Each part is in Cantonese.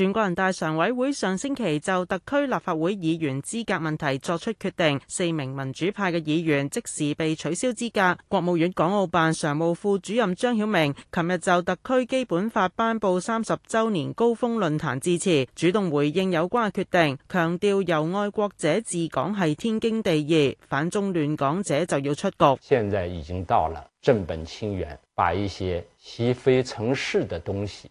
全國人大常委會上星期就特區立法會議員資格問題作出決定，四名民主派嘅議員即時被取消資格。國務院港澳辦常務副主任張曉明琴日就特區基本法頒布三十周年高峰論壇致辭，主動回應有關嘅決定，強調由愛國者治港係天經地義，反中亂港者就要出局。現在已經到了正本清源，把一些習非成事的東西。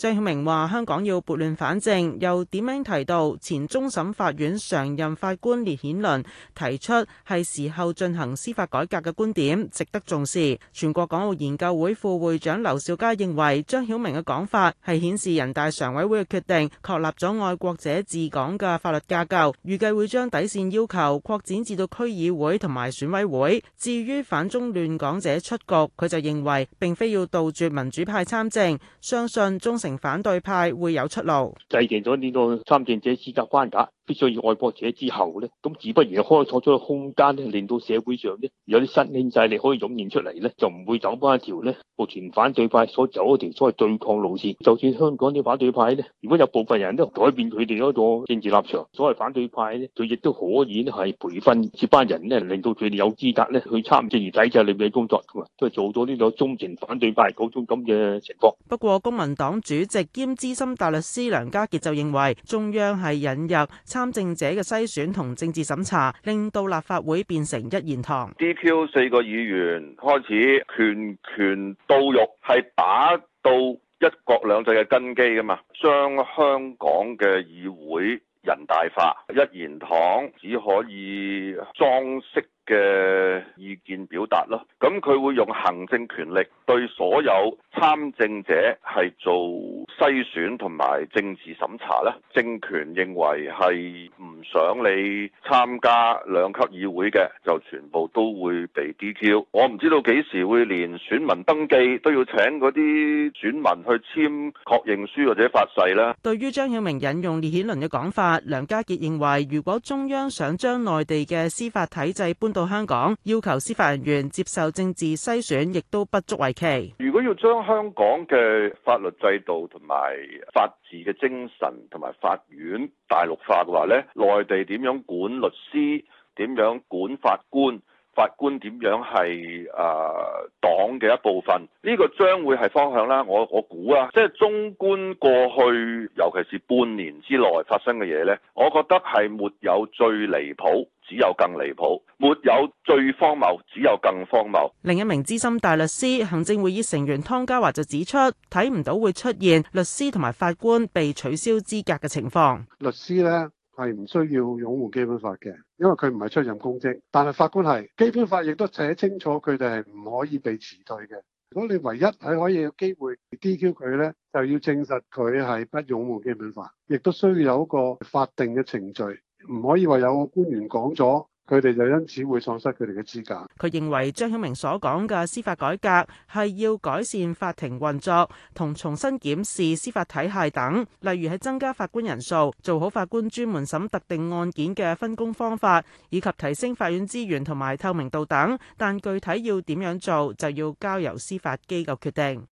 張曉明話：香港要撥亂反正，又點名提到前終審法院常任法官列顯倫提出係時候進行司法改革嘅觀點，值得重視。全國港澳研究會副會長劉兆佳認為，張曉明嘅講法係顯示人大常委會嘅決定確立咗愛國者治港嘅法律架構，預計會將底線要求擴展至到區議會同埋選委會。至於反中亂港者出局，佢就認為並非要杜絕民主派參政，相信忠誠反對派會有出路，製定咗呢個參政者資格關卡，必須要愛國者之後咧，咁自不然就開拓咗空間咧，令到社會上咧有啲新興勢力可以湧現出嚟咧，就唔會走翻一條咧目前反對派所走嘅條所謂對抗路線。就算香港啲反對派咧，如果有部分人都改變佢哋嗰個政治立場，所謂反對派咧，佢亦都可以咧係培訓接班人咧，令到佢哋有資格咧去參政而抵制你嘅工作噶嘛，都係做咗呢種忠誠反對派嗰種咁嘅情況。不過公民黨主。主席兼資深大律師梁家傑就認為，中央係引入參政者嘅篩選同政治審查，令到立法會變成一言堂。DQ 四個議員開始拳拳到肉，係打到一國兩制嘅根基噶嘛，將香港嘅議會。人大化一言堂，只可以裝飾嘅意見表達咯。咁佢會用行政權力對所有參政者係做。篩選同埋政治審查咧，政權認為係唔想你參加兩級議會嘅，就全部都會被 DQ。我唔知道幾時會連選民登記都要請嗰啲選民去簽確認書或者發誓咧。對於張曉明引用烈顯倫嘅講法，梁家傑認為，如果中央想將內地嘅司法體制搬到香港，要求司法人員接受政治篩選，亦都不足為奇。如果要將香港嘅法律制度同埋法治嘅精神同埋法院大陸化嘅話咧，內地點樣管律師？點樣管法官？法官點樣係誒黨嘅一部分？呢個將會係方向啦。我我估啊，即係綜觀過去，尤其是半年之內發生嘅嘢呢，我覺得係沒有最離譜。只有更離譜，沒有最荒謬，只有更荒謬。另一名資深大律師、行政會議成員湯家驊就指出，睇唔到會出現律師同埋法官被取消資格嘅情況。律師咧係唔需要擁護基本法嘅，因為佢唔係出任公職。但係法官係基本法亦都寫清楚，佢哋係唔可以被辭退嘅。如果你唯一係可以有機會 DQ 佢咧，就要證實佢係不擁護基本法，亦都需要有一個法定嘅程序。唔可以話有官員講咗，佢哋就因此會喪失佢哋嘅資格。佢認為張曉明所講嘅司法改革係要改善法庭運作同重新檢視司法體系等，例如係增加法官人數、做好法官專門審特定案件嘅分工方法，以及提升法院資源同埋透明度等。但具體要點樣做，就要交由司法機構決定。